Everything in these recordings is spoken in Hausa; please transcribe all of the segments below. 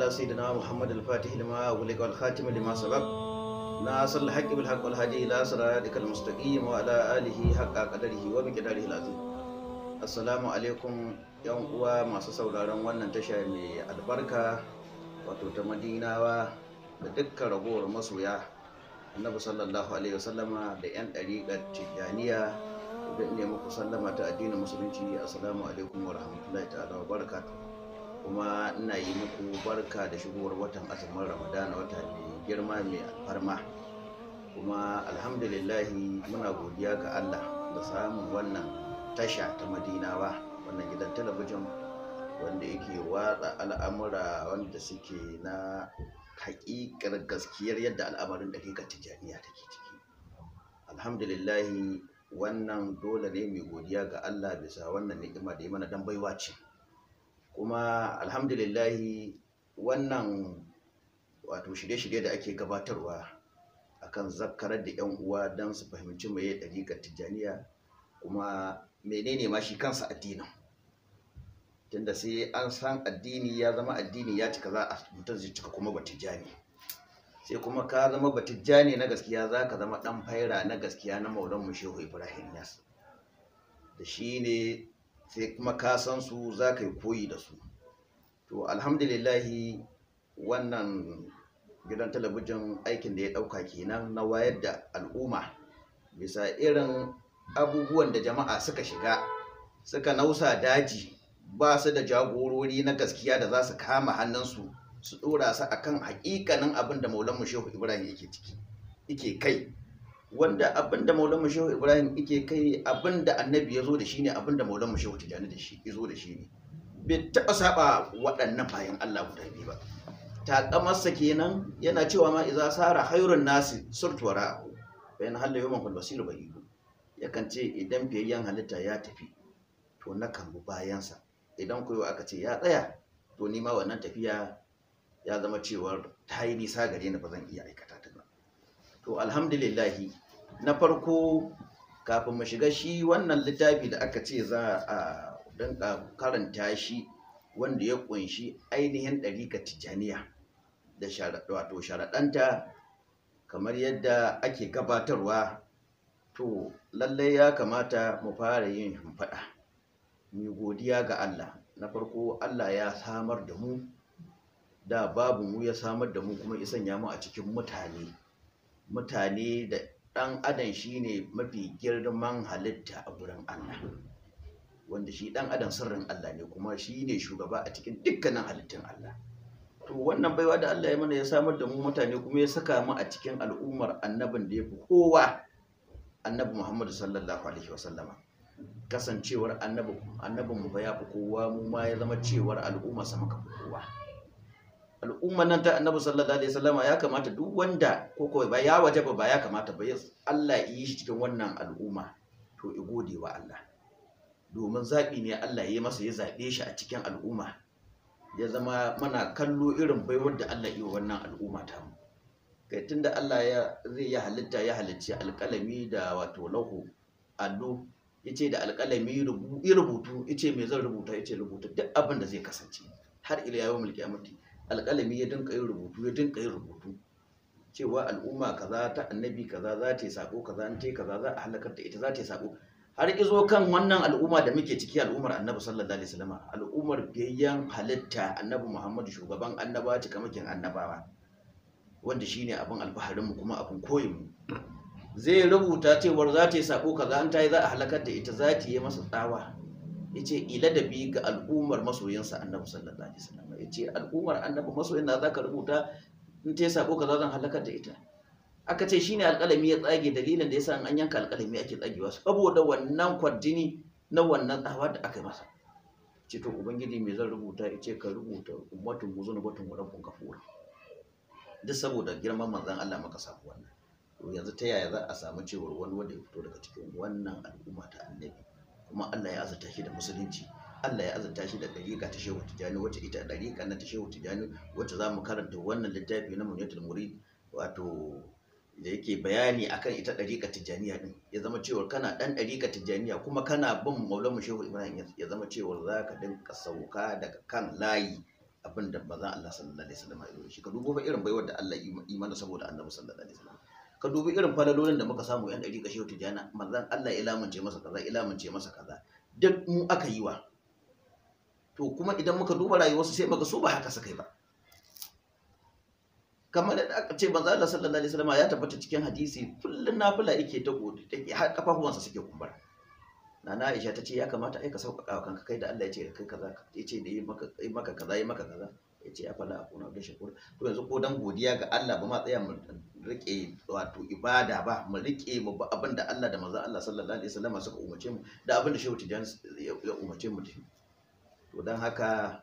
على سيدنا محمد الفاتح لما أغلق والخاتم لما سبق ناصر الحق بالحق والهدي إلى صراطك المستقيم وعلى آله حق قدره ومقداره العظيم السلام alaikum yan uwa masu sauraron wannan tasha mai albarka wato ta madinawa da dukkan ragowar masoya annabi sallallahu alaihi wasallama da yan ɗariƙar tijjaniya da ne muku sallama ta addinin musulunci assalamu alaikum wa rahmatullahi ta'ala wa barakatuh kuma ina yi muku barka da shigowar watan azumin ramadana wata mai girma mai alfarma kuma alhamdulillahi muna godiya ga allah da samun wannan tasha ta madinawa wannan gidan talabijin wanda yake watsa al'amura wanda suke na haƙiƙar gaskiyar yadda al'amarin da jami'a ta take ciki alhamdulillahi wannan dole ne mai godiya ga allah bisa wannan ni'ima da yi mana dan ce kuma alhamdulillahi wannan wato shirye-shirye da ake gabatarwa akan zakarar da 'yan uwa don su fahimci mai ɗariƙar tijjaniya kuma menene ma shi kansa addinin tunda sai an san addini ya zama addini ya cika za a mutum zai cika kuma batijjani sai kuma ka zama batijjani na gaskiya za ka zama ɗan faira na gaskiya na maulan mu shehu ibrahim yas da shi ne sai kuma ka san su za ka yi koyi da su to alhamdulillahi wannan gidan talabijin aikin da ya ɗauka kenan na wayar da al'umma bisa irin abubuwan da jama'a suka shiga suka nausa daji ba su da jagorori na gaskiya da za su kama hannunsu su dora su akan hakikanin abin da maulanmu shehu ibrahim yake ciki yake kai wanda abinda maulan shehu ibrahim ike kai abinda annabi ya zo da shi ne abinda maulan shehu tijjani da shi ya zo da shi ne bai taɓa saba waɗannan bayan allah guda biyu ba takamarsa kenan yana cewa ma iza sara hayurin nasi surtuwara bayan halla yawan kulbasilu bai yi yakan ce idan fiyayyen halitta ya tafi to na kambu bayansa idan koyo aka ce ya tsaya to nima wannan tafiya ya zama cewar ta yi nisa gare ni ba zan iya aikata to alhamdulillahi na farko kafin mu shiga shi wannan littafi da aka ce za a danka karanta shi wanda ya kunshi ainihin ɗarika tijaniya da wato sharaɗanta kamar yadda ake gabatarwa to lallai ya kamata mu fara yin faɗa, mu godiya ga Allah na farko Allah ya samar da mu da babu mu ya samar da mu kuma isan ya mu a cikin mutane mutane da ɗan adam shine mafi girman halitta a wurin Allah wanda shi ɗan adam sirrin Allah ne kuma shi ne shugaba a cikin dukkanin halittun Allah to wannan baiwa da Allah ya mana ya samar da mu mutane kuma ya saka mu a cikin al'ummar annabin da ya fi kowa annabi Muhammadu sallallahu alaihi wasallama kasancewar annabin mu ya fi kowa mu ma ya zama cewar al'umma sama ka fi kowa al'umman nan ta annabi sallallahu alaihi wasallam ya kamata duk wanda ko kawai ba ya wajaba ba ya kamata ba Allah ya yi shi cikin wannan al'umma to i gode wa Allah domin zaɓi ne Allah ya yi masa ya zaɓe shi a cikin al'umma ya zama mana kallo irin baiwar da Allah yi wannan al'umma ta mu kai tunda Allah ya zai ya halitta ya halicci alƙalami da wato lahu allo yace da alƙalami rubutu yace me zan rubuta yace rubuta duk abin da zai kasance har ila yawmul qiyamati alƙalami ya dinka yin rubutu ya dinka yin rubutu cewa al'umma kaza ta annabi kaza za ta yi sako kaza an tai kaza za a halakar ta ita za ta yi sako har izo kan wannan al'umma da muke ciki al'ummar annabi sallallahu alaihi wasallam al'ummar biyayyen halitta annabi muhammadu shugaban annabawa kamakin annabawa wanda shine abin alfaharin mu kuma abin koyin mu zai rubuta cewar za ta yi sako kaza an ta yi za a halakar da ita za ta yi masa tsawa da iladabi ga al'ummar masoyinsa annabi sallallahu alaihi wasallam ce al'ummar annabi masoyin na zaka rubuta in ta sako kaza zan halakar da ita aka ce shine alƙalami ya tsage dalilin da yasa an yanka alƙalami ake tsagewa saboda wannan kwarjini na wannan tsawa da aka masa ce to ubangiji me zan rubuta ce ka rubuta ummatun muzun batun rabbun kafura duk saboda girman manzon Allah maka samu wannan yanzu ta yaya za a samu cewar wani wanda ya fito daga cikin wannan al'umma ta annabi kuma Allah ya azurta shi da musulunci Allah ya azurta shi da dariƙa ta shehu tijani wacce ita dariƙa na ta shehu tijani wacce za mu karanta wannan littafi na munyatul murid wato da yake bayani akan ita dariƙa tijaniya din ya zama cewa kana dan dariƙa tijaniya kuma kana bin maulana shehu ibrahim ya zama cewa za ka dinka sauka daga kan layi abinda da manzon Allah sallallahu alaihi wasallam ya yi shi ka dubo irin baiwar da Allah imani saboda Annabi sallallahu alaihi wasallam ka dubi irin falalolin da muka samu yan ɗari kashe tijjana manzan Allah ya lamunce masa kaza ya lamunce masa kaza duk mu aka yi wa to kuma idan muka duba su sai muka so ba haka su kai ba kamar da aka ce manzan Allah sallallahu alaihi wasallam ya tabbata cikin hadisi kullun nafila yake ta gode take har kafafuwansa suke kumbura nana Aisha ta ce ya kamata ai ka sauƙaƙa wa kanka kai da Allah ya ce kai kaza ya ce da yi maka yi maka kaza yi maka kaza ya ce a kuna da shakur to yanzu ko dan godiya ga Allah ba ma tsaya mu rike wato ibada ba mu rike mu ba abin da Allah da manzo Allah sallallahu alaihi wasallam suka umarce mu da abin da Shehu Tijan ya umarce mu to dan haka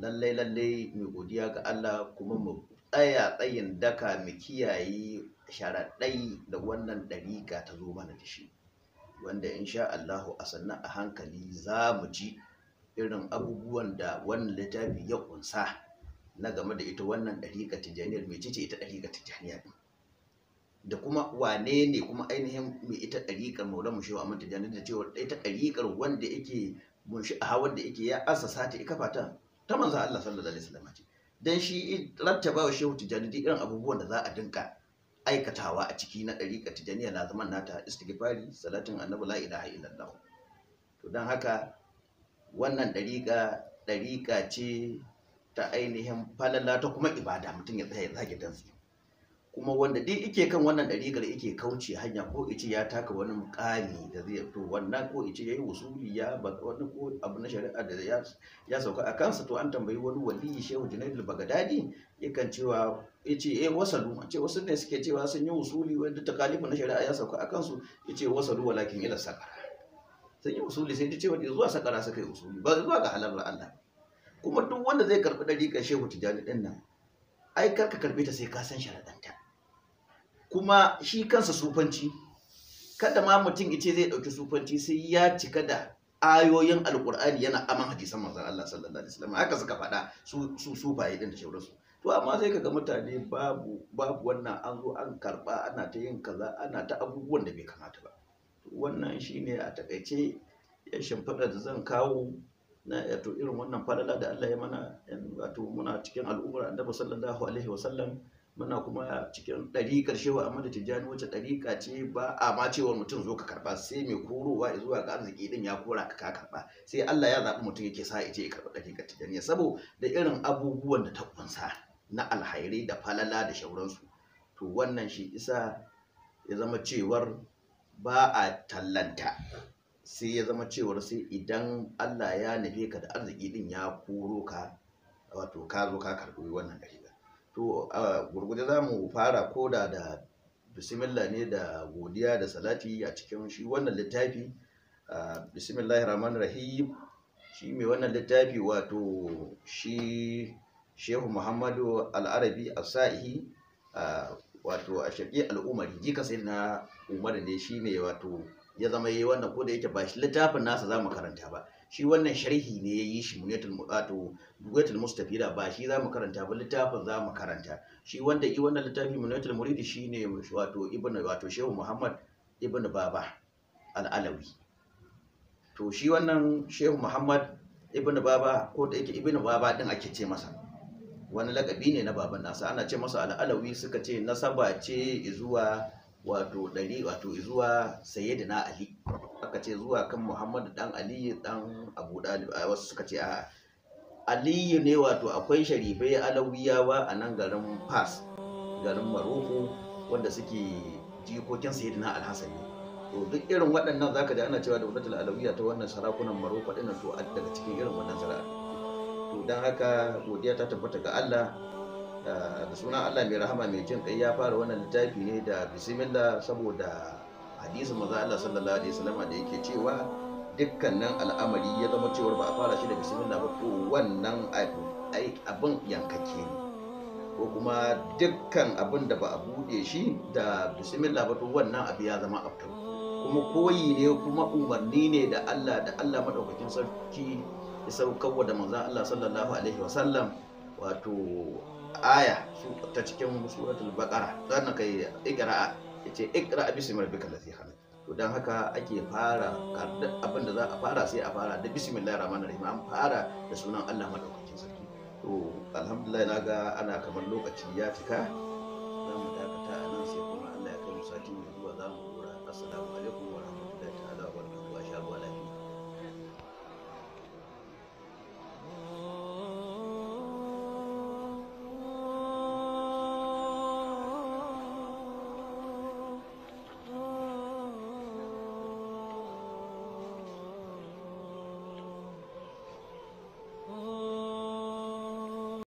lallai lallai mu godiya ga Allah kuma mu tsaya tsayin daka mu kiyaye sharaɗai da wannan ɗariƙa ta zo mana da shi wanda insha Allah a sannan a hankali za mu ji irin abubuwan da wannan littafi ya kunsa na game da ita wannan ɗariƙa tijjaniyar mai ce ita ɗariƙa tijjaniyar ɗin da kuma wane ne kuma ainihin mai ita ɗariƙar maula mushe wa aminta janar da cewa ita ɗariƙar wanda yake mushe a da yake ya asasa ta ikafa ta ta manza Allah sallallahu alaihi wasallam ce dan shi rattaba wa shehu tijani da irin abubuwan da za a dinka aikatawa a ciki na ɗariƙar tijaniya na zaman nata istighfari salatin annabi la ilaha illallah to dan haka wannan ɗariƙa ɗariƙa ce ta ainihin falala ta kuma ibada mutum ya tsaya ya zage dansa kuma wanda dai ike kan wannan ɗariƙar ike kauce hanya ko ice ya taka wani mukami da zai to wannan ko ice ya yi wasuli ya wani ko abu na shari'a da ya sauka a kansa to an tambayi wani waliyi shehu junaid bagadadi yakan cewa ya ce eh wasalu ce wasu ne suke cewa sun yi wasuli wanda kalifu na shari'a ya sauka a kansu ya ce wasalu walakin ila sakara sun yi wasuli sai ta ce wani zuwa sakara suka yi wasuli ba zuwa ga halar Allah kuma duk wanda zai karɓi ɗariƙar shehu tijjani ɗin nan ai karka karɓe ta sai ka san sharaɗin kuma shi kansa sufanci kada ma mutum ce zai ɗauki sufanci sai ya cika da ayoyin alkur'ani yana aman hadisan manzon Allah sallallahu alaihi wasallam haka suka faɗa su su sufaye din da shauransu to amma sai kaga mutane babu babu wannan an zo an karba ana ta yin kaza ana ta abubuwan da bai kamata ba wannan shine a takaice ya shimfiɗa da zan kawo na wato irin wannan falala da Allah ya mana wato muna cikin al'ummar annabi sallallahu alaihi wasallam muna kuma cikin ɗari ɗariƙar shehu Ahmadu Tijjani wacce ɗariƙa ce ba a ma cewar mutum zo ka karɓa sai mai korowa zuwa ga arziki din ya kora ka karɓa sai Allah ya zaɓi mutum yake sa ya je ya karɓa ɗariƙar Tijjani saboda irin abubuwan da ta kunsa na alhairi da falala da shauransu to wannan shi isa ya zama cewar ba a tallanta sai ya zama cewar sai idan Allah ya nufe ka da arziki din ya koro ka wato ka zo ka karɓi wannan ɗariƙa to a za mu fara koda da bismillah ne da godiya da salati a cikin shi wannan littafi bismillah rahman rahim shi mai wannan littafi wato shi shehu muhammadu al'arabi a sa'ihi wato a shaƙi al'umari jika sai na umar ne shi ne wato ya zama yi wannan ko da yake ba shi littafin nasa za mu karanta ba shi wannan sharhi ne ya yi shi muniyatul mutatu duwatul mustafida ba shi zamu karanta ba littafin zamu karanta shi wanda yi wannan littafi muniyatul muridi shine wato ibnu wato shehu muhammad ibnu baba al-alawi to shi wannan shehu muhammad ibnu baba ko da yake ibnu baba din ake ce masa wani lakabi ne na baban nasa ana ce masa al'alawi suka ce nasaba ce zuwa wato dari, wato zuwa sayyidina ali aka ce zuwa kan muhammadu dan aliyu dan abu dalib a wasu suka ce a aliyu ne wato akwai sharifai alawiyawa a nan garin fas garin maroko wanda suke jikokin sayyidina alhassan ne to duk irin waɗannan zaka ji ana cewa da wadatul alawiya ta wannan sarakunan maroko ɗin to daga cikin irin wannan sara'a to don haka godiya ta tabbata ga allah eh, da suna Allah mai rahama mai jin kai ya fara wannan littafi ne da bismillah saboda hadisin maza Allah sallallahu alaihi wasallam da yake cewa dukkanin al'amari ya zama cewar ba a fara shi da bismillah ba to wannan abin yankake ne ko kuma dukkan abin da ba a bude shi da bismillah ba to wannan abu ya zama abtu kuma koyi ne kuma umarni ne da Allah da Allah madaukakin sarki ya saukar da manzo Allah sallallahu alaihi wasallam wato aya ta cikin suratul baqara sannan kai igra'a yace ikra a rabbikal ladzi to dan haka ake fara abin da za a fara sai a fara da bismillahir rahmanir rahim an fara da sunan Allah madaukakin sarki to alhamdulillah ga ana kamar lokaci ya cika za mu dakata a nan sai kuma Allah ya kai mu sati mai zuwa za mu dora assalamu alaikum